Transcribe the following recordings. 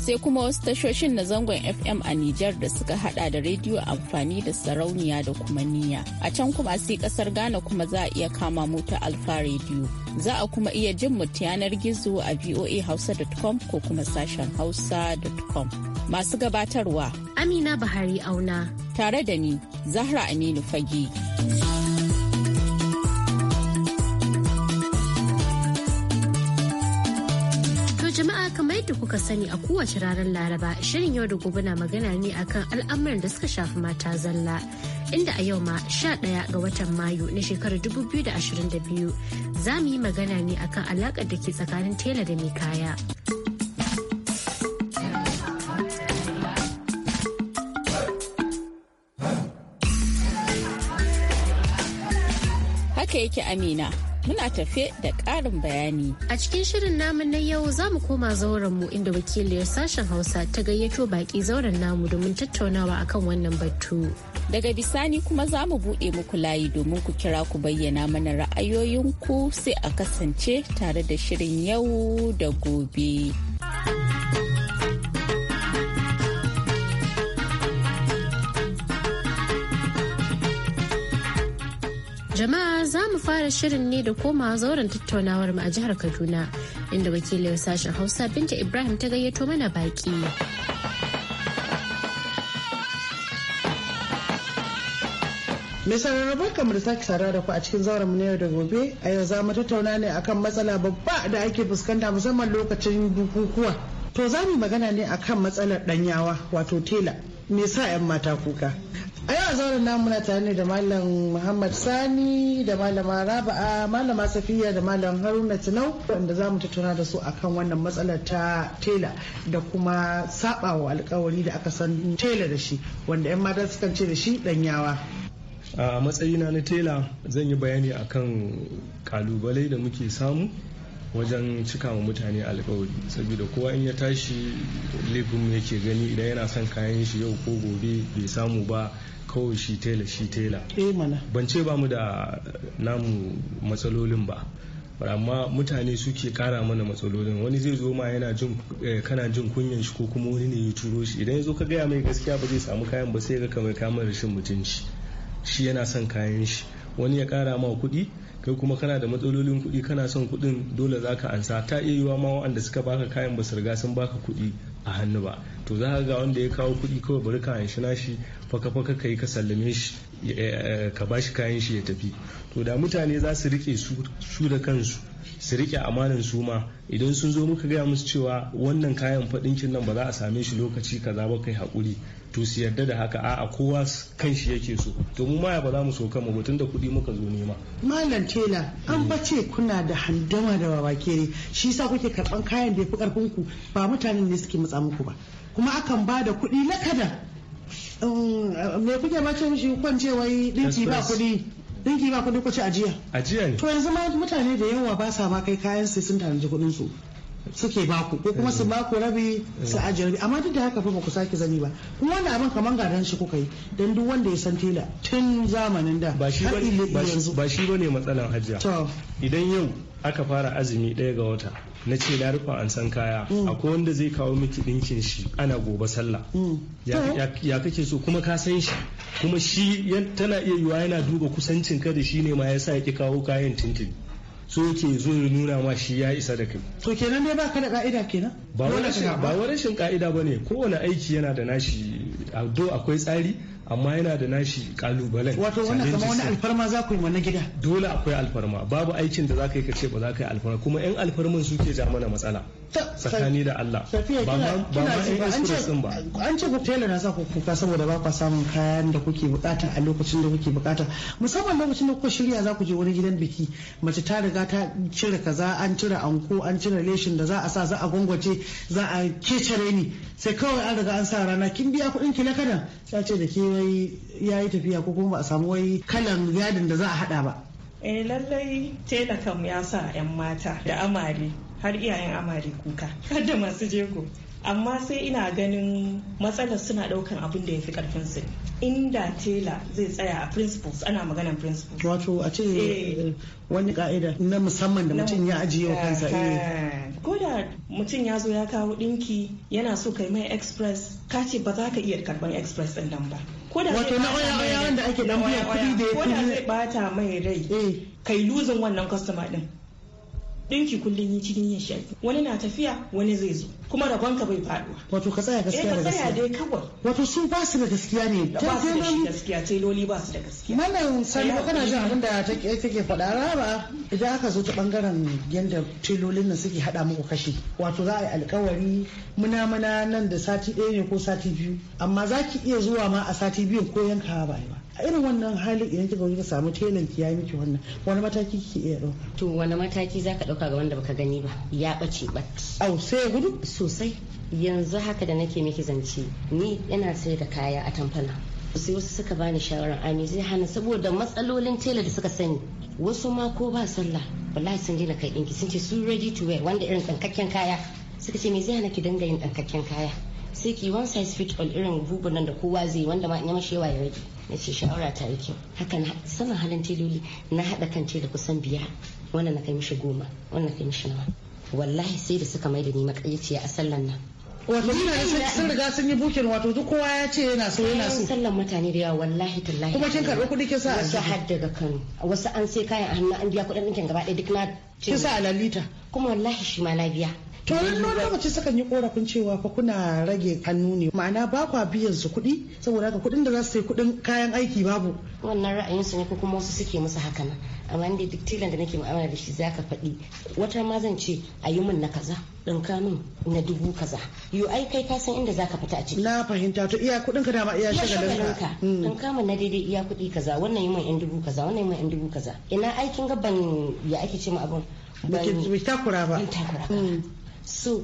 sai kuma wasu tashoshin na zangon fm a Nijar da suka hada da rediyo amfani da sarauniya da kuma niya a can kuma sai kasar ghana kuma za a iya kama mu ta alfa rediyo za a kuma iya jin mu ta yanar gizo a voahausa.com ko kuma sashen hausa.com masu gabatarwa amina bahari auna tare da ni zahra aminu fage. yadda kuka sani a kowace ranar Laraba shirin yau da gobe na magana ne akan al'amuran da suka shafi mata zalla. Inda a yau ma sha 11 ga watan Mayu na shekarar 2022 za mu yi magana ne akan alaƙar da ke tsakanin tela da mai kaya. Haka yake Amina. muna tafe da ƙarin bayani. A cikin shirin namu na yau za mu koma zauren mu inda wakiliyar sashen Hausa ta gayyato baƙi zauren namu domin tattaunawa akan wannan batu. Daga bisani kuma za mu buɗe muku layi domin ku kira ku bayyana mana ra'ayoyinku sai a kasance tare da shirin yau da gobe. Jama'a za mu fara shirin ne da komawa zauren tattaunawar mu a jihar Kaduna inda wakilin sashen Hausa Binta Ibrahim ta gayyato mana baki. Mai sararraba kamar da sake da ku a cikin zauren na yau da gobe a yau za mu tattauna ne akan matsala babba da ake fuskanta musamman lokacin bukukuwa. To za mu magana ne akan matsalar danyawa wato tela. Me sa 'yan mata kuka? a yau zauren na muna tare da malam muhammad sani da malama raba'a malama safiya da malam haruna tinau wanda za mu tattauna da su akan wannan matsalar ta tela da kuma sabawa alkawari da aka san tela da shi wanda 'yan mata sukan ce da shi danyawa a matsayina na tela zan yi bayani akan kalubale da muke samu wajen cika ma mutane alkawari saboda kowa in ya tashi laifin yake gani idan yana son kayan shi yau ko gobe bai samu ba kawai shi tela shi tela eh, ban ce ba mu da namu matsalolin ba amma mutane suke kara mana matsalolin wani zai zo ma yana jin eh, kana jin kunyan shi ko kuma wani ne ya turo shi idan ya zo ka gaya mai gaskiya ba zai samu kayan ba sai ga kamar kamar rashin mutunci shi yana son kayan shi wani ya kara ma kuɗi kai kuma kana da matsalolin kuɗi kana son kuɗin dole zaka ansa ta iya yiwa ma wanda suka baka kayan ba riga sun baka kuɗi a hannu ba to za ka ga wanda ya kawo kuɗi kawai bari ka anshi nashi faka faka yi ka sallame shi ka ba shi kayan shi ya tafi to da mutane za su rike su da kansu su rike amanan su ma idan sun zo muka gaya musu cewa wannan kayan faɗin nan ba za a same shi lokaci kaza ba kai haƙuri to su yarda da haka a kowa kan shi yake so to mu ma ba za mu so ma batun da kuɗi muka zo nema malam tela an hmm. bace kuna da handama da ne shi yasa kuke karban kayan da ya fi ku ba mutanen ne suke matsa muku ba kuma akan ba da kuɗi na kada Eh, me kuke ma ce kwan kwance wai dinki ba kudi dinki ba ku ci ajiya ajiya ne to yanzu ma mutane da yawa ba sa ma kai kayan su sun tanaji kuɗin su suke baku ko kuma su eh. baku rabi su eh. ajiye rabi amma duk da haka fa ba ku sake zani ba kuma wannan abin kaman gadan shi kuka yi dan duk wanda ya san tela tun zamanin da ba shi bane ba shi matsalan hajiya idan yau aka fara azumi ɗaya ga wata na ce na rufa an san kaya mm. akwai wanda zai kawo miki dinkin shi ana gobe sallah mm. ya kake so kuma ka san shi kuma shi tana iya yiwa yana duba kusancin ka da shi ne ma ya sa ki kawo kayan tintin so ke zo ya nuna ma shi ya isa da kai to kenan dai baka da ka'ida kenan ba wani rashin ka'ida bane kowane aiki yana da nashi do akwai tsari amma yana da nashi kalubalen wato wannan kama wani alfarma za ku yi wannan gida dole akwai alfarma babu aikin da za ka yi ka ce ba za ka yi alfarma kuma yan alfarman suke ja mana matsala tsakani da Allah ba ma irin ba an ce ku tailor na sa ku kuka saboda ba ku samun kayan da kuke bukata a lokacin da kuke bukata musamman lokacin da kuka shirya za ku je wani gidan biki mace ta riga ta cire kaza an cire anko an cire leshin da za a sa za a gwangwace za a kecere ni sai kawai an riga an sa rana kin biya kuɗin ki na kadan sai ce da ke yayi tafiya ko kuma ba a samu wai kalan yadin da za a hada ba eh lallai tela kam ya sa 'yan mata da amare har iyayen amare kuka har da masu jego amma sai ina ganin matsalar suna daukan abin da ya fi karfin su inda tela zai tsaya a principles ana maganar principles wato a ce eh. wani ka'ida na musamman da mutum ya ajiye wa kansa eh. Eh. ko da mutum ya zo ya kawo dinki yana so kai mai express ka ce ba za ka iya karban express din nan ba wato na oya oya wanda ake dan biya kudi da ya ko da zai bata mai rai kai luzin wannan customer din dinki kullum yi cikin yin shaki wani na tafiya wani zai zo kuma rabon ka bai faduwa wato ka tsaya gaskiya eh, da gaskiya dai kawai wato su ba su da gaskiya ne ba su da gaskiya tailoli ba su da gaskiya mallam sani kana jin abin da take ke faɗa raba idan aka zo ta bangaren yanda tailolin nan suke hada muku kashi wato za a yi alkawari muna muna nan da sati ɗaya ne ko sati biyu amma za ki iya zuwa ma a sati biyu ko yanka ba ba a irin wannan hali idan kika kika samu telan ki ya miki wannan wani mataki kike iya dauka to wani mataki zaka dauka ga wanda baka gani ba ya bace ba au sai gudu sosai yanzu haka da nake miki zance ni ina sai da kaya a tamfana sai wasu suka bani shawarar ami zai hana saboda matsalolin tela da suka sani wasu ma ko ba sallah wallahi sun daina kai dinki sun ce su ready to wear wanda irin dankakken kaya suka ce me zai hana ki dinga yin dankakken kaya sai ki one size fit all irin bubu nan da kowa zai wanda ma in ya mashi yawa ya rage na ce shawara ta yake haka na halin tiloli na haɗa kan da kusan biyar wannan na kai mishi goma wannan na kai mishi nawa wallahi sai da suka mai da ni makayyaciya a sallan nan wato mutane sun riga sun yi bukin wato duk kowa ya ce yana so yana so sallan mutane da yawa wallahi tallahi kuma kin karɓi kuɗi kin sa a wasu har daga Kano wasu an sai kayan hannu an biya kuɗin ɗinkin gaba ɗaya duk na kin sa a lalita kuma wallahi shi ma na biya to wani lokaci sukan yi korafin cewa fa kuna rage hannu ne ma'ana ba kwa biyan su kuɗi saboda ka kuɗin da za su yi kuɗin kayan aiki babu wannan ra'ayin su ne ko kuma wasu suke musu haka nan amma inda duk tilan da nake mu'amala da shi zaka faɗi wata ma zan ce a yi min na kaza ɗin kanun na dubu kaza yo ai kai ka san inda zaka fita a ciki na fahimta to iya kuɗin ka dama iya shagalin ka ɗin kamun hmm. na daidai iya kuɗi kaza wannan yi min yan dubu kaza wannan yi min yan dubu kaza ina aikin gaban ya ake ce abun ba takura ba takura hmm. so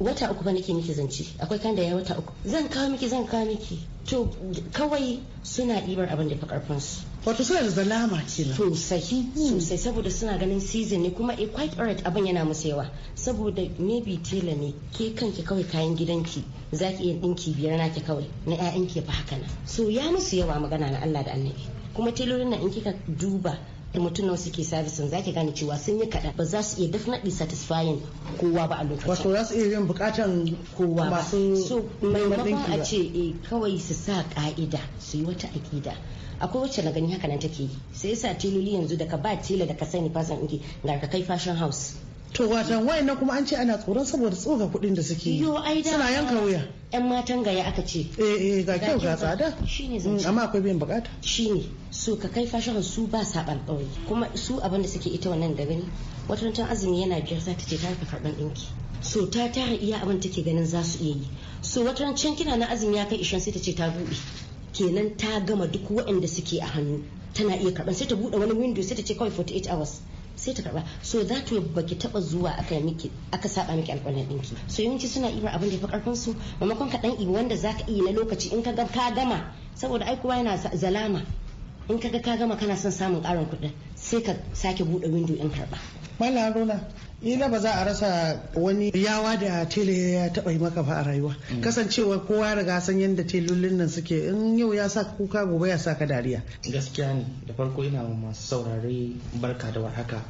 wata uku ba nake miki zance akwai kan da ya wata uku zan kawo miki zan kawo miki to kawai suna ɗibar abin da fa su. wato suna da zalama ce na sosai hmm. sosai saboda suna ganin season ne kuma a eh, quite alright abin yana musu yawa saboda maybe tela ne ke kanki kawai kayan gidanki za ki iya ɗinki biyar naki kawai na ƴaƴanki fa haka nan so ya musu yawa magana na Allah da annabi kuma telolin na in kika duba mutum nawa suke servicing ki gane cewa sun yi kaɗan ba za su iya definitely satisfying kowa ba a lokacin wato za su iya yin bukatan kowa ba so maimakon a ce eh, kawai su sa ka'ida su yi wata aƙida akwai wacce na gani haka nan take yi sai sa tiloli yanzu daga ba tilo da ka sani fasan inke ga ka kai fashion house to watan wayannan kuma an ce ana tsoron saboda tsoga kuɗin da suke yi suna yanka wuya yan matan gaya aka ce eh eh ga kyau ga tsada shine zan mm, amma akwai biyan bukata shine so ka kai fashon su ba saɓan ɗauri kuma su abin da suke ita wannan da gani wata rantan azumi yana biyar za ta ce ta karɓar ɗinki so ta tara iya abin take ganin za su iya yi so wata rantan kina na azumi ya kai ishan sai ta ce ta buɗe kenan ta gama duk waɗanda suke a hannu tana iya karɓar sai ta buɗe wani window sai ta ce kawai 48 hours sai ta karɓa so za ta baki taɓa zuwa aka miki aka saba miki alƙalin ɗinki so yawanci suna iya abin da ya fi ƙarfinsu su maimakon ka iya wanda zaka iya na lokaci in ka ka gama saboda ai yana zalama in kaga ka gama kana son samun karin kuɗi sai ka sake buɗe windo in karba. mallam Haruna ina ba za a rasa wani yawa da tele ya taba yi maka ba a rayuwa mm. kasancewa kowa ya riga san yadda telolin nan suke in yau ya sa kuka gobe ya sa ka dariya gaskiya ne da farko ina masu saurare barka da warhaka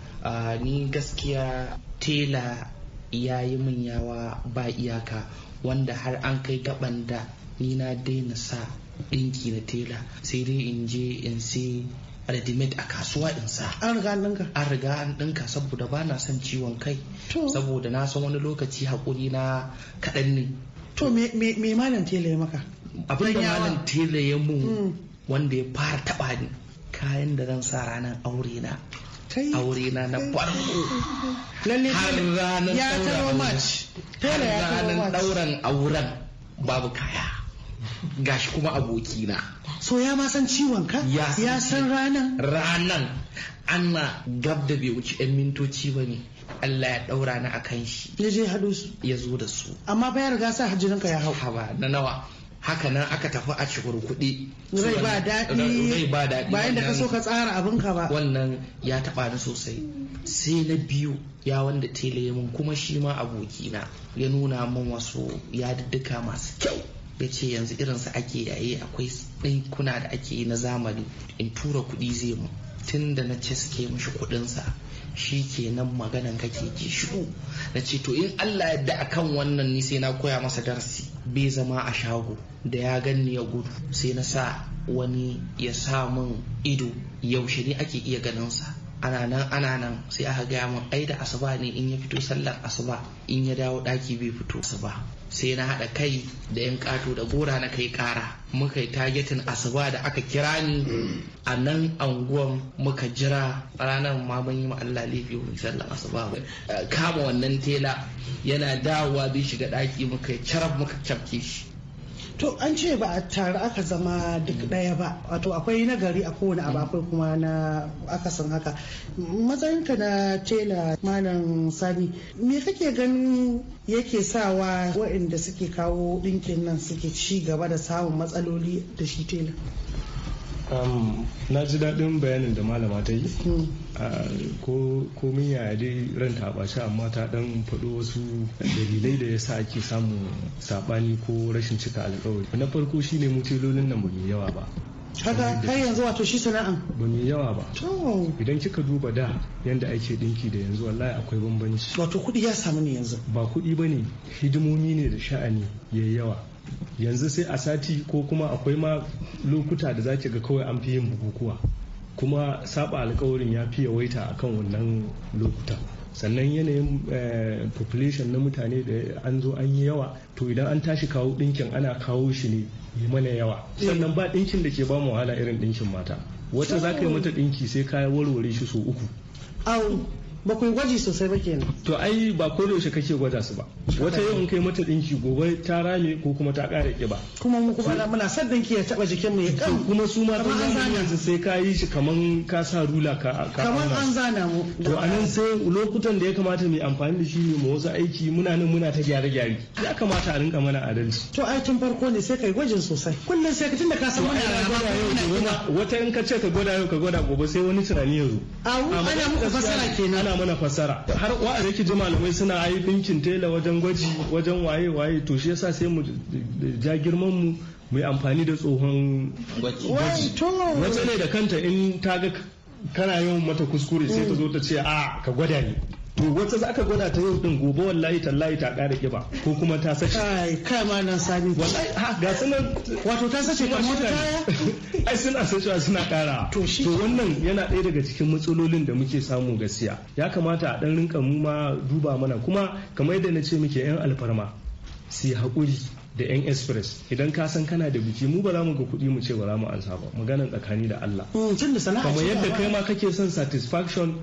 ni gaskiya tela ya yi min yawa ba iyaka wanda har an kai gaban da ni na daina sa Dinki na tela sai dai in je in sai ultimate a kasuwa in sa an riga an dinka an riga an dinka saboda ba na son ciwon kai saboda na san wani lokaci hakuri na kaɗan ne to me malam tela ya maka abin da malam tela ya mun mm. wanda ya fara taba ni kayan da zan sa ranar aure na aure na na farko lalle ya tawo match tela ya tawo match auren babu kaya gashi kuma abokina so ya ma san ciwon ka ya san ranan ranan ana gab da bai wuce yan mintoci ba ne Allah ya daura ni akan shi ya je hadu su ya zo da su amma ba ya riga sa ka ya hau haba na nawa haka nan aka tafi a cikin kuɗi. Rai ba daɗi. Bayan da ka so ka tsara ka ba. Wannan ya taɓa ni sosai. Sai na biyu ya wanda tele min kuma shi ma abokina ya nuna min wasu yadudduka masu kyau. ya ce yanzu irinsa ake yayi akwai saikuna da ake yi na zamani in tura kuɗi zai mu tun da na ce suke mashi kudinsa shi ke kenan maganan kake ki shiru na ce to in Allah yadda akan wannan ni sai na koya masa darasi. bai zama a shago da ya ganni ya gudu sai na sa wani ya sa min ido yaushe ne ake iya ganinsa ana nan ana nan sai aka gaya min ai da asuba ne in ya fito sallar asuba in ya dawo daki bai fito asuba sai na haɗa kai da 'yan ƙato da gora na kai ƙara muka yi targetin asuba da aka kira ni a nan anguwan muka jira ranar ma mun yi Allah laifi mun sallan asuba kama wannan tela yana dawowa bi shiga ɗaki muka yi carab muka cafke shi To an ce ba a tare aka zama duk ɗaya ba wato akwai nagari a kowane abu akwai kuma na akasin haka matsayinka na tela malam sani me kake ganin yake sawa waɗanda suke kawo ɗinkin nan suke ci gaba da samun matsaloli da shi tela Um, na ji daɗin bayanin da malama ta yi hmm. ko min yaya dai ran a ɓaci amma ta ɗan faɗo wasu dalilai da ya sa ake samun saɓani ko rashin cika alkawari na farko shi shine mutilolin nan ba yawa ba kaga kai yanzu wato shi sana'an ba mai yawa ba idan kika duba da yanda ake dinki da yanzu wallahi akwai bambanci wato kuɗi ya samu ne yanzu ba kuɗi bane hidimomi ne da sha'ani yayi yawa yanzu sai a sati ko kuma akwai ma lokuta da zaki ga kawai an fi yin bukukuwa kuma saba alkawarin ya fi yawaita akan wannan lokuta sannan yanayin eh, population na mutane da an zo an yi yawa to idan an tashi kawo ɗinkin ana kawo shi ne yi mana yawa sannan ba ɗinkin da ke ba mu wahala irin ɗinkin mata wata za ka yi mata ɗinki sai ka warware shi so uku ba ku gwaji sosai ba kenan to ai ba ko yaushe kake gwada su ba wata yau kai mata dinki gobe ta rame ko kuma ta kare ƙiba kuma mu kuma muna son dinki ya taba jikin mu ya kan kuma su ma ta yanzu sai ka yi shi kaman ka sa rula ka kaman an zana mu to anan sai lokutan da ya kamata mu amfani da shi ne mu wasu aiki muna nan muna ta gyare gyare ya kamata a rinka mana adalci to ai tun farko ne sai kai gwajin sosai kullun sai ka tunda ka san wannan rama wata in ka ce ka gwada yau ka gwada gobe sai wani tunani yazo A mu ana muku fasara kenan ana mana fasara har wa'a yake ji malamai suna ai dinkin tela wajen wajen gwaji wajen waye waye to shi yasa sai mu ja girman mu mai amfani da tsohon gwaji wata ne da kanta in ta ga kana yawan mata kuskure sai ta zo ta ce a ka gwada ni to wata za ka gwada ta yau din gobe wallahi tallahi ta ƙara kiba ko kuma ta sace kai kai ma nan sabi wallahi ha ga sunan wato ta sace kamar wata kaya ai suna sacewa suna ƙara to shi to wannan yana ɗaya daga cikin matsalolin da muke samu gaskiya ya kamata a ɗan rinka mu ma duba mana kuma kamar yadda na ce muke yan alfarma su yi haƙuri da yan express idan ka san kana da biki mu ba za mu ga kuɗi mu ce ba za mu ansa ba maganan tsakani da Allah. Mm, kamar yadda kai ma kake son satisfaction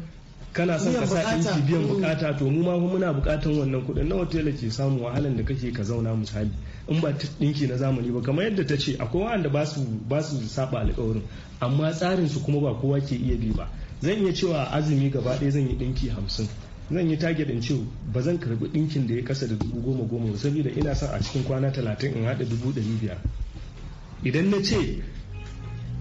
kana son ka sa ɗinki biyan mm. bukata to mu ma muna bukatan wannan kuɗin nawa tela ke samu wahalan da kake ka zauna misali in ba ɗinki na zamani ba kamar yadda ta ce akwai wanda ba su ba su saba alƙawarin amma tsarin su kuma ba kowa ke iya bi ba zan iya cewa azumi gaba ɗaya zan yi ɗinki hamsin zan yi target in ce ba zan karbi ɗinkin da ya kasa da dubu goma goma saboda ina son a cikin kwana talatin in haɗa dubu ɗari biyar idan na ce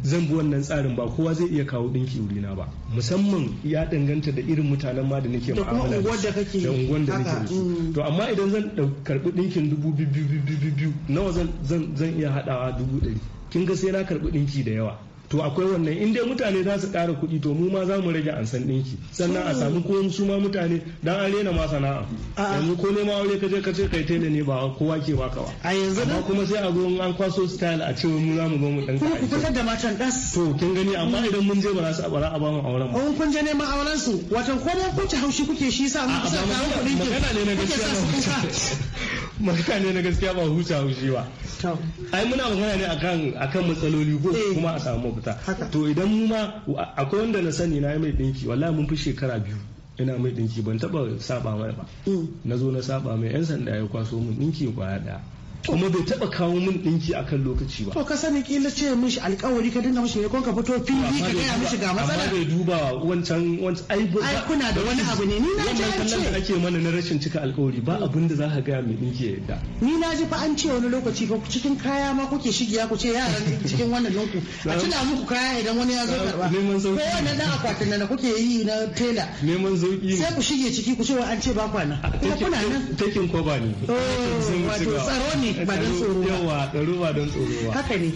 zan bi wannan tsarin ba kowa zai iya kawo dinki na ba musamman ya danganta da irin mutanen ma da nake mu'amala da unguwar da nake su mm. to amma idan zan karbi dinkin dubu biyu biyu biyu nawa zan iya hadawa dubu ɗari kin ga sai na karbi dinki da yawa to akwai wannan in dai mutane za su ƙara kuɗi to mu ma za mu rage ansan ɗinki sannan a samu ko su ma mutane dan an rena ma sana'a yanzu ko ne ma aure kaje kaje kai tela ne ba kowa ke baka ba a yanzu amma kuma sai a zo an kwaso style a ce mu za mu zo mu dan ka ku fitar da matan das to kin gani amma idan mun je ba za su a bara a ba mu auren ba oh, kun je neman auren su watan ko mun kunci haushi kuke shi sa mun kusa kawo kuɗin ki kana ne na gaskiya ne na gaskiya ba huta haushi ba ai muna magana ne akan akan matsaloli ko eh. kuma a samu fita to idan mu ma akwai wanda na sani na mai dinki wallahi mun fi shekara biyu ina mai dinki ban taba saba mai ba mm. na zo na saba mai yan sanda ya kwaso mun dinki kwaya daya kuma bai taba kawo min dinki akan lokaci ba to ka sani kila ce mishi alƙawari ka dinga mishi ne kon ka fito fili ka gaya mishi ga matsala amma bai duba wancan wancan ai kuna da wani abu ne ni na ji an ce ake mana na rashin cika alƙawari ba abin da za ka gaya mai dinki ya yadda ni na ji fa an ce wani lokaci fa cikin kaya ma kuke shigiya ku ce yaran cikin wannan linku a tuna muku kaya idan wani ya zo karba neman zauki ko wannan dan akwatin nan kuke yi na tela neman zauki sai ku shige ciki ku ce an ce ba kwana kuma kuna nan takin koba ne oh, wato tsaro ne ne ba don tsoro ba. Yawa, don tsoro Haka ne.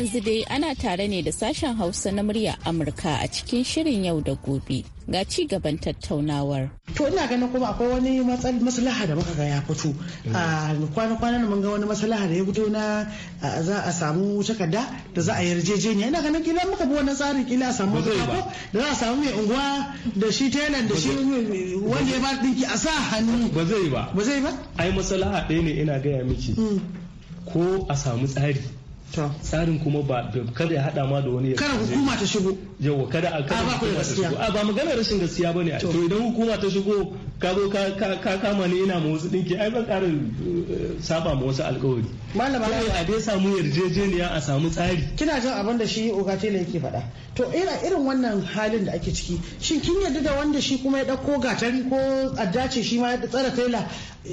yanzu dai ana tare ne da sashen Hausa na murya Amurka a cikin shirin yau da gobe. Ga ci gaban tattaunawar. To ina ganin kuma akwai wani maslaha da muka ga ya fito. Mm. A kwana-kwana mun ga wani maslaha da ya fito na za a samu takarda da za a yarjejeniya. Ina ganin kila muka bi wannan tsarin kila a samu da za a samu mai unguwa da shi telan da shi wanda ya ba dinki a sa hannu. Ba zai ba. Ba zai ba? Ai maslaha ɗaya ne ina gaya miki. Mm. Ko a samu tsari. tsarin kuma ba kada ya hada ma da wani kada hukuma ta shigo yawa kada a kada hukuma ta shigo a ba magana rashin gaskiya bane to idan hukuma ta shigo ka zo ka kama ne ina ma wasu dinki ai ban karin eh, saba ma wasu alkawari malama a dai samu yarjejeniya a samu tsari kina jin abin da shi ne yake faɗa to irin wannan halin da ake ciki shin kin yarda da wanda shi kuma ya dauko gatari ko addace shi ma ya tsara taila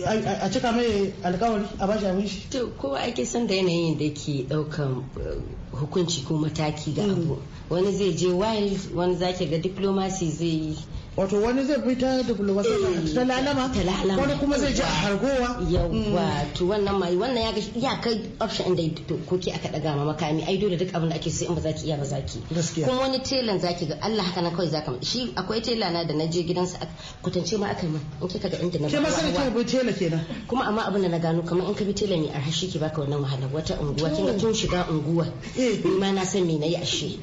a cika mai alkawari a bashi abin shi to kowa ake son da yanayin da ke dauka daukan eh, hukunci ko mataki ga abu mm. wani zai je wild wani zaki ga diplomacy zai yi wato wani zai bi ta diflomasi eh, ta lalama wani kuma zai ji a hargowa yawwa mm. to wannan mai wannan ya ya kai option inda to ko ki aka daga ma makami ai dole duk abin da ake so in ba zaki iya ba zaki kuma wani telan zaki ga Allah haka nan kawai zaka shi akwai tela na da na je gidansa kutance ma aka min in kika ga inda na ba sai sai bi tela kenan kuma amma abin da na gano kamar in ka bi tela mai arhashi ki baka wannan wahala wata unguwa kinga tun shiga unguwa eh. ni ma na san me nayi ashe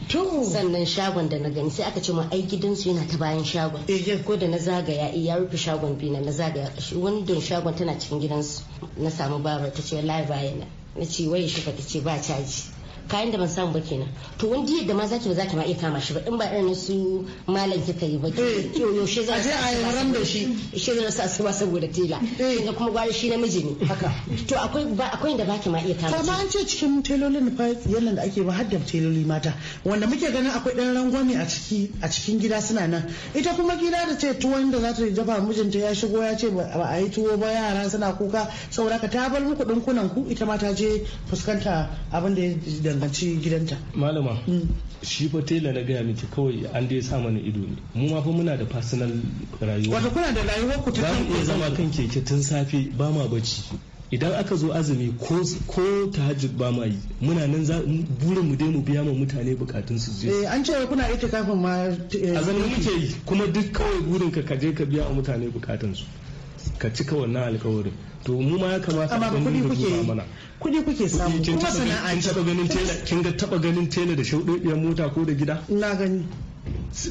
sannan shagon da na gani sai aka ce ma ai gidansu yana ta bayan shagon Eh, ko da na zagaya eh, ya rufe shagon bina na zagaya windon shagon tana cikin gidansu na samu babar ta ce lai baya na na ce waye shi ta ce ba caji kayan da ban samu ba kenan to wani diyar da ma zaki ba zaki ma iya kama shi ba in ba irin su malam kika yi ba eh, yaushe za a yi ran da shi shi zai sa su ba saboda tela eh. kinga kuma gwari shi namiji ne haka to akwai ba akwai inda baki ma iya kama amma an ce cikin telolin fa yallan da ake ba har da teloli mata wanda muke ganin akwai dan rangwame a ciki a cikin gida suna nan ita kuma gida da ce tuwon da za ta jaba mijinta ya shigo ya ce ba a yi tuwo ba yara suna kuka saboda ka ta bar muku dinkunan ku ita ma ta je fuskanta abin da ya danganci gidanta malama mm. shi fa tela na gaya miki kawai an dai sa mana ido ne mu ma fa muna da personal rayuwa wato kuna da rayuwar ku ta mu iya zama kan keke tun safe ba ma bacci idan aka zo azumi ko tahajjud ba ma yi muna nan burin mu dai mu biya ma mutane bukatun su je eh an ce kuna ita kafin ma eh, azumi muke yi kuma duk kawai burin ka kaje ka biya wa mutane bukatun su ka cika wannan alkawarin to mu ma ya kamata a kudi kuke mana kudi kuke samu kuma sana'a ce kin ga taba ganin tela da shaudiyar mota ko da gida na gani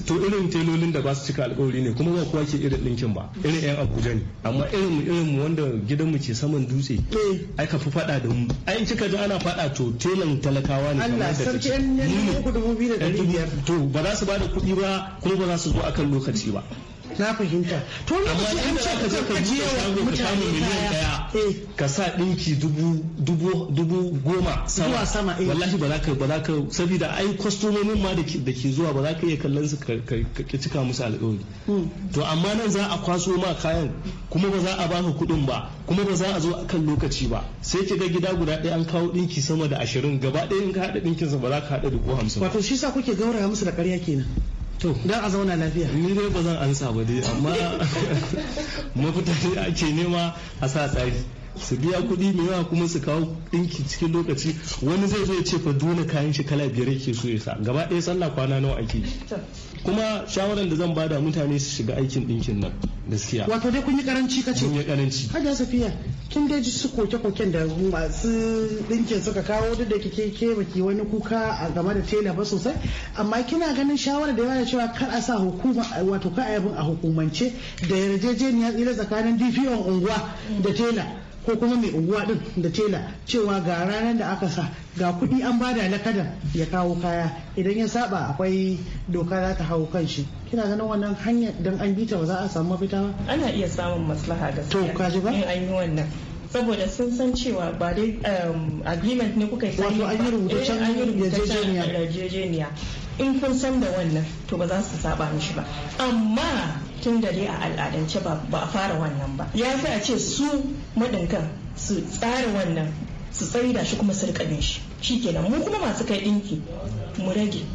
to irin telolin da ba su cika alkawari ne kuma ba kowa ke irin ɗinkin ba irin yan abuja ne amma irin irin mu wanda gidan mu ce saman dutse eh. ai ka fi fada da mu ai kika ji ana fada to telan talakawa ne Allah sarki yan dubu to ba za su ba da kuɗi ba kuma ba za su zo akan lokaci ba na fahimta to lokaci an ce ka je ka je wa mutane daya eh. ka sa dinki dubu dubu dubu goma sama sama eh. wallahi ba za ka ba za ka saboda ai kwastomomin ma da ke zuwa ba za ka iya kallon su ka cika musu alƙawari hmm. to amma nan za a kwaso ma kayan kuma ba za a baka kuɗin ba kuma ba za a zo akan lokaci ba sai ki ga gida guda ɗaya an kawo dinki sama da ashirin gaba ɗaya in ka haɗa sa ba za ka haɗa dubu hamsin wato shi sa kuke gauraya musu da ƙarya kenan to don a zauna lafiya ni dai ba zan ansa ba dai amma mafita ne ake nema a sa tsari su biya kuɗi mai yawa kuma su kawo ɗinki cikin lokaci wani zai zo ya ce fa dole kayan shi kala biyar yake so ya sa gaba ɗaya sallah kwana nawa ake yi kuma shawarar da zan bada mutane su shiga aikin dinkin nan gaskiya wato dai kun yi karanci kace kun yi karanci hada safiya kin dai su koke koken da masu dinkin suka kawo duk da kike ke baki wani kuka a game da tela ba sosai amma kina ganin shawarar da yana cewa kar a sa hukuma wato ka a a hukumance da yarjejeniya tsira tsakanin DPO unguwa da tela ko kuma mai unguwa din da tela cewa ga ranar da aka sa ga kuɗi an bada lakadan ya kawo kaya idan ya saba akwai doka za ta hau kan shi kina ganin wannan hanya dan an bita ba za a samu mafita ba ana iya samun maslaha gaskiya to kaji ba in an yi wannan saboda sun san cewa ba dai um, agreement ne kuka yi wato an yi rubutaccen eh, yarjejeniya in kun san da wannan to ba za su saba mishi ba amma tun da dai a al'adance ba a fara wannan ba ya fi a ce su maɗinkan su tsara wannan su tsari da shi kuma su rika shi shi kenan mu kuma masu kai ɗinki mu rage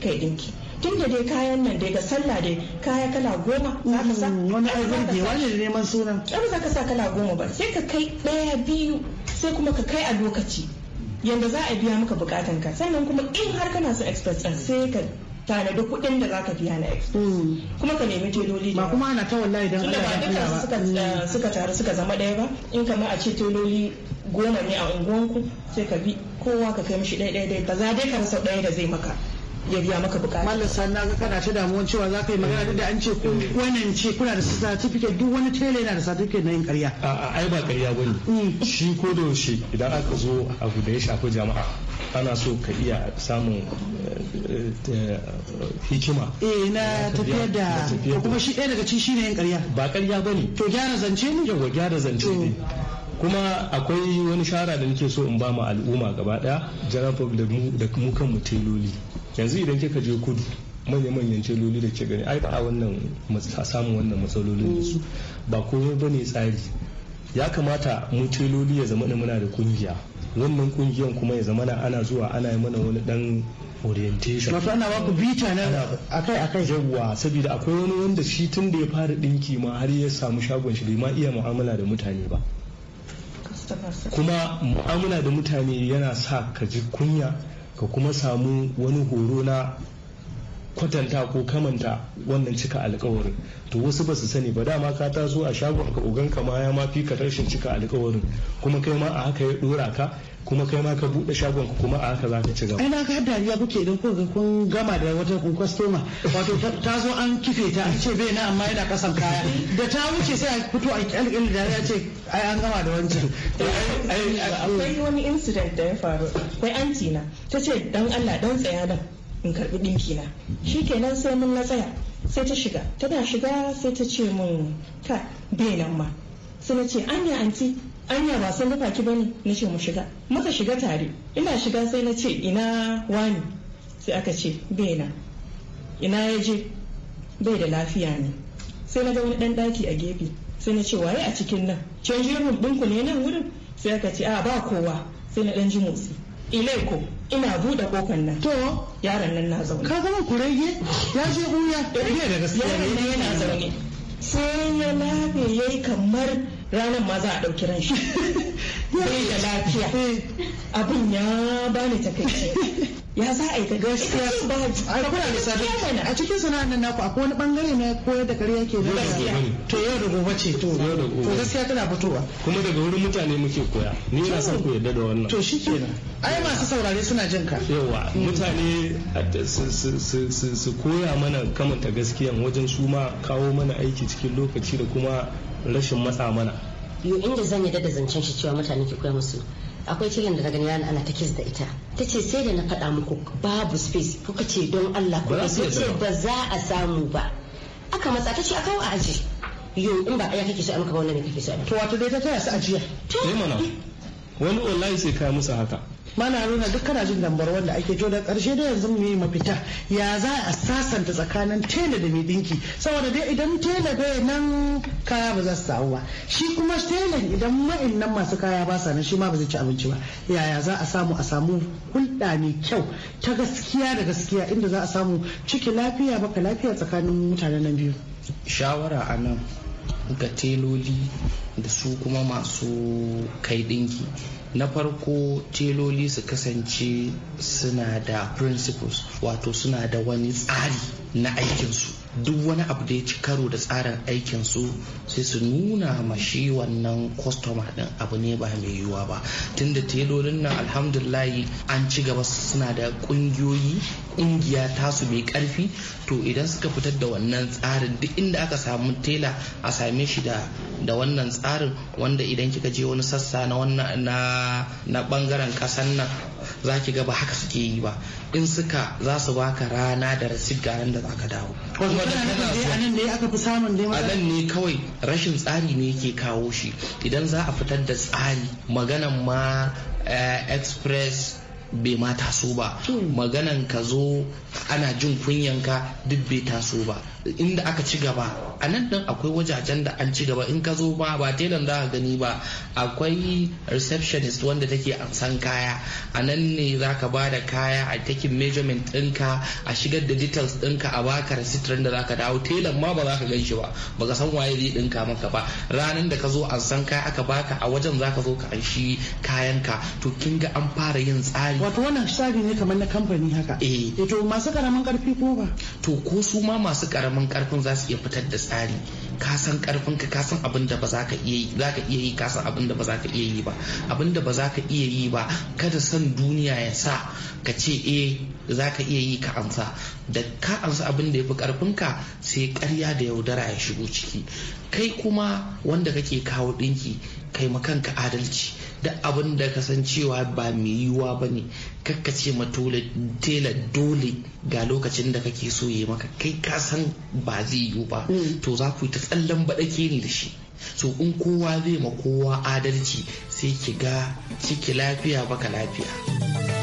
kai ɗinki tun da dai kayan nan daga ga sallah dai kaya kala goma za ka sa mm, wani ne da neman suna. ƙyar za ka sa kala goma ba sai ka kai ɗaya biyu sai kuma ka kai a lokaci yanda za a biya maka bukatan ka sannan kuma in har kana son express sai ka tanadi kuɗin da zaka biya na ex mm. kuma ka nemi teloli ba kuma ana ta wallahi dan Allah ba duka mm. eh, suka taru suka zama ɗaya ba in kama a ce teloli goma ne a unguwanku sai ka bi kowa ka kai mishi ɗaya ɗaya ba za dai ka rasa ɗaya da zai maka ya biya maka bukata mallam san na ga kana ta damuwan cewa za ka yi magana da an ce ku eh. wannan ce kuna da certificate duk wani tele yana da certificate na yin ƙarya a'a ai ba ƙarya bane hmm. shi ko da yaushe idan aka zo abu da ya shafi jama'a ana so ka iya samun eh, eh, hikima eh na tafiya da kuma shi ɗaya daga cikin ne yin ƙarya ba ƙarya bane to gyara zance ne Yawwa gyara zance ne kuma akwai wani shara da nake so in ba mu al'umma gaba daya jarabab da mu kan mu teloli yanzu idan kika je kudu manya-manyan teloli da ke gani ai ba wannan samun wannan matsalolin da su ba komai ba ne tsari ya kamata mu teloli ya zama muna da kungiya wannan kungiyan kuma ya zama ana zuwa ana yi mana wani dan orientation wato ana baku bita na akai akai yawwa saboda akwai wani wanda shi tun da ya fara dinki ma har ya samu shagon shi bai ma iya mu'amala da mutane ba kuma mu'amala da mutane yana sa ka ji kunya ka kuma samu wani horo na kwatanta ko kamanta wannan cika alkawarin to wasu ba su sani ba dama ka taso a shagon ka ugan ka ma ya ma fi ka rashin cika alkawarin kuma kai ma a haka ya dora ka kuma kai ma ka bude shagon ka kuma a haka za ka ci gaba ai na ka dariya kuke idan ko kun gama da wata kun customer wato ta zo an kife ta an ce bai na amma yana kasan kaya da ta wuce sai a fito a kyalkyal da ya ce ai an gama da wancan akwai wani incident da ya faru akwai antina ta ce dan Allah dan tsaya nan in karbi dinki na kenan sai mun na tsaya sai ta shiga tana shiga sai ta ce mun ka bai nan ma sai na ce anya anti anya ba san dafa ki bane na ce mu shiga muka shiga tare ina shiga sai na ce ina wani sai aka ce bai nan ina ya je bai da lafiya ne sai na ga wani dan daki a gefe sai na ce waye a cikin nan canjin room ɗinku ne nan wurin sai aka ce a ba kowa sai na dan ji motsi ilai ko ina buɗe kofar nan to yaron nan na zaune ka zama kurege ya je buya da eh, gaskiya yaron nan yana zaune sai ya labe yayi kamar ranar ma za a ɗauki ran shi bai da lafiya abin ya bani takaici ya za a yi ta gaskiya ba a da sabi a cikin sana'ar nan naku akwai wani bangare na koyar da kare yake da gaskiya to yau da gobe ce to yau da to gaskiya tana fitowa kuma daga wurin mutane muke koya ni ina son ku yadda da wannan to shikenan ai masu saurare suna jin ka yawa mutane su koya mana kamanta gaskiyan wajen su ma kawo mana aiki cikin lokaci da kuma rashin matsa mana yo inda zan yi da zancen shi cewa mutane ke koya musu akwai cikin da na gani yana ana ta kiss da ita ta ce sai da na faɗa muku babu space kuka ce don Allah ku ce ba za a samu ba aka matsa ta ce a a aji yo in ba ya kake so an kawo ne kake so to wato dai ta taya su ajiya to eh, mana wani wallahi sai ka musu haka mana nuna duk kana jin dambar wanda ake jo da karshe da yanzu mu yi mafita ya za a sasanta tsakanin tela da mai dinki saboda dai idan tela bai nan kaya ba za su samu ba shi kuma telan idan ma'in nan masu kaya ba sa nan shi ma ba zai ci abinci ba yaya za a samu a samu hulɗa mai kyau ta gaskiya da gaskiya inda za a samu ciki lafiya baka lafiya tsakanin mutanen nan biyu shawara a nan ga teloli da su kuma masu kai dinki na farko teloli su kasance suna da principles wato suna da wani tsari na aikinsu duk wani abu da ya ci karo da tsarin aikinsu sai su nuna ma shi wannan kwastoma din abu ne ba mai yiwuwa ba tunda telolin nan alhamdulahi an ci gaba suna da kungiyoyi kungiya su mai karfi to idan suka fitar da wannan tsarin duk inda aka samu tela a same shi da wannan tsarin wanda idan kika je wani sassa na na bangaren kasan nan za ki ga haka suke yi ba in suka za su baka rana da rasid garin da za ka dawo a nan ne kawai rashin tsari ne yake kawo shi idan za a fitar da tsari maganan ma eh, express bai ma taso ba hmm. maganan ka zo ana jin kunyanka duk bai taso ba inda aka ci gaba a nan din akwai wajajen da an ci gaba in ka zo ba ba telan za ka gani ba akwai receptionist wanda take san kaya a nan ne za ka ba da kaya a taking measurement ɗinka a shigar da details ɗinka a baka receipt da za ka dawo telan ma ba za ka gan shi ba ba ka san waye zai ɗinka maka ba ranar da ka zo san kaya aka baka a wajen za ka zo ka anshi ka to kin ga an fara yin tsari wato wannan tsari ne kamar na kamfani haka eh, eh to masu karamin karfi ko ba to ko su ma masu karamin samun karfin za su iya fitar da tsari ka san karfin ka ka san abin da ba za ka iya yi za ka iya yi ka san abin da ba za ka iya yi ba abin da ba za ka iya yi ba kada san duniya ya sa ka ce eh za ka iya yi ka amsa da ka amsa abin da ya fi karfin ka sai karya da yaudara ya shigo ciki kai kuma wanda kake kawo dinki kai makanka adalci duk abin da ka san cewa ba mai yiwuwa ba ne kakkace ma tela dole ga lokacin da kake so ya maka kai ka san ba zai yiwu ba mm. to za ku yi ta tsallan baɗake ne da shi so in kowa zai ma kowa adalci sai ki ga ciki lafiya baka lafiya.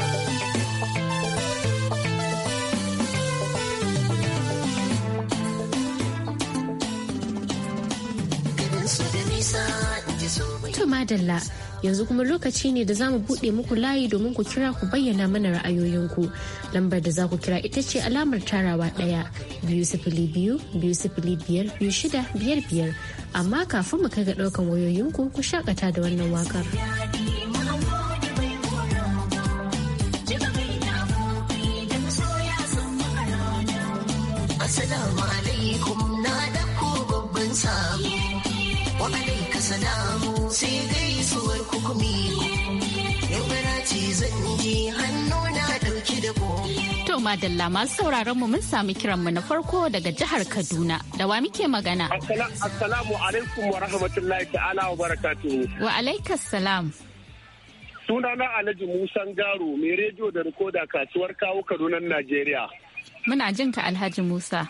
madalla yanzu kuma lokaci ne da za mu buɗe muku layi domin ku kira ku bayyana mana ra'ayoyinku. Lambar da za ku kira ita ce alamar tarawa ɗaya biyu sifili biyu biyu sifili biyar biyu shida biyar biyar. Amma kafin mu kai ga ɗaukan wayoyinku ku shakata da wannan wakar. Assalamu alaikum na da ku babban sabo. salamu sai gaisuwar yau ce zan je hannu na dauki da ko to madalla masu sauraron mu mun sami kiran mu na farko daga jihar Kaduna da wa muke magana assalamu alaikum wa rahmatullahi ta'ala wa barakatuhu wa alaikas salam sunana Alhaji Musan Garo mai rediyo da rikoda kasuwar kawo Kaduna Najeriya muna jinka Alhaji Musa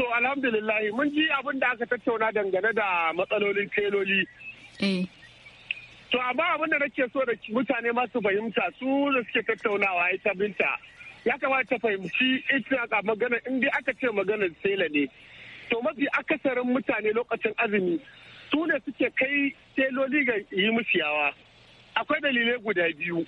To alhamdulillah mun ji abin da aka tattauna dangane da matsalolin teloli. Eh. To amma abin da nake so da mutane masu fahimta su da suke tattaunawa ya tabinta Ya kamata fahimci ita a magana in dai aka ce maganar tela ne. To mafi akasarin mutane lokacin azumi su ne suke kai teloli ga yi musiyawa. Akwai dalilai guda biyu.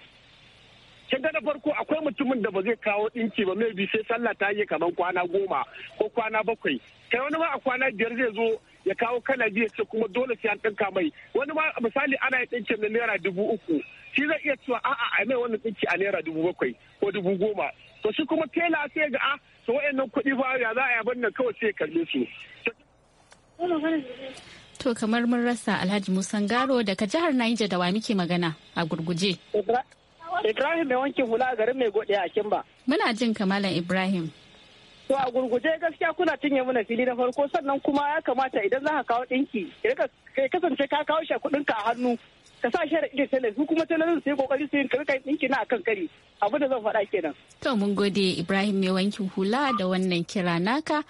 kin ga farko akwai mutumin da ba zai kawo dinki ba maybe sai sallah ta yi kaman kwana goma ko kwana bakwai kai wani ma a kwana biyar zai zo ya kawo kala biyar ce kuma dole sai an dinka mai wani ma misali ana yi dinkin na naira dubu uku shi zai iya cewa a'a a mai wani dinki a naira dubu bakwai ko dubu goma to shi kuma tela sai ga a ah, to wayannan kuɗi ba ya za a yaban nan kawai sai ya kalle su To kamar mun rasa Alhaji Musan Garo daga jihar Niger da wa muke magana a gurguje. Ibrahim mai wankin hula a garin mai gode a Kimba. Muna jin kamalan Ibrahim. To a gurguje gaskiya kuna cinye mana fili na farko sannan kuma ya kamata idan za ka kawo ɗinki ka kasance ka kawo shi kuɗin ka a hannu ka sa shi da ido tele su kuma telelin su yi kokari su yi karkar ɗinki na akan kari abu da zan faɗa kenan. To mun gode Ibrahim mai wankin hula da wannan kira naka.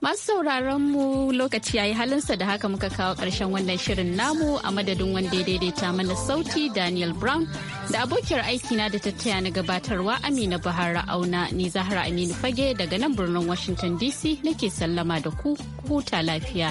Masu sauraron mu lokaci ya yi halinsa da haka muka kawo ƙarshen wannan shirin namu a madadin wanda ya daidaita mana sauti Daniel Brown da abokiyar aikina da ta taya na gabatarwa Amina Bahara Auna ni Zahra Aminu Fage daga nan birnin Washington DC nake sallama da ku huta lafiya.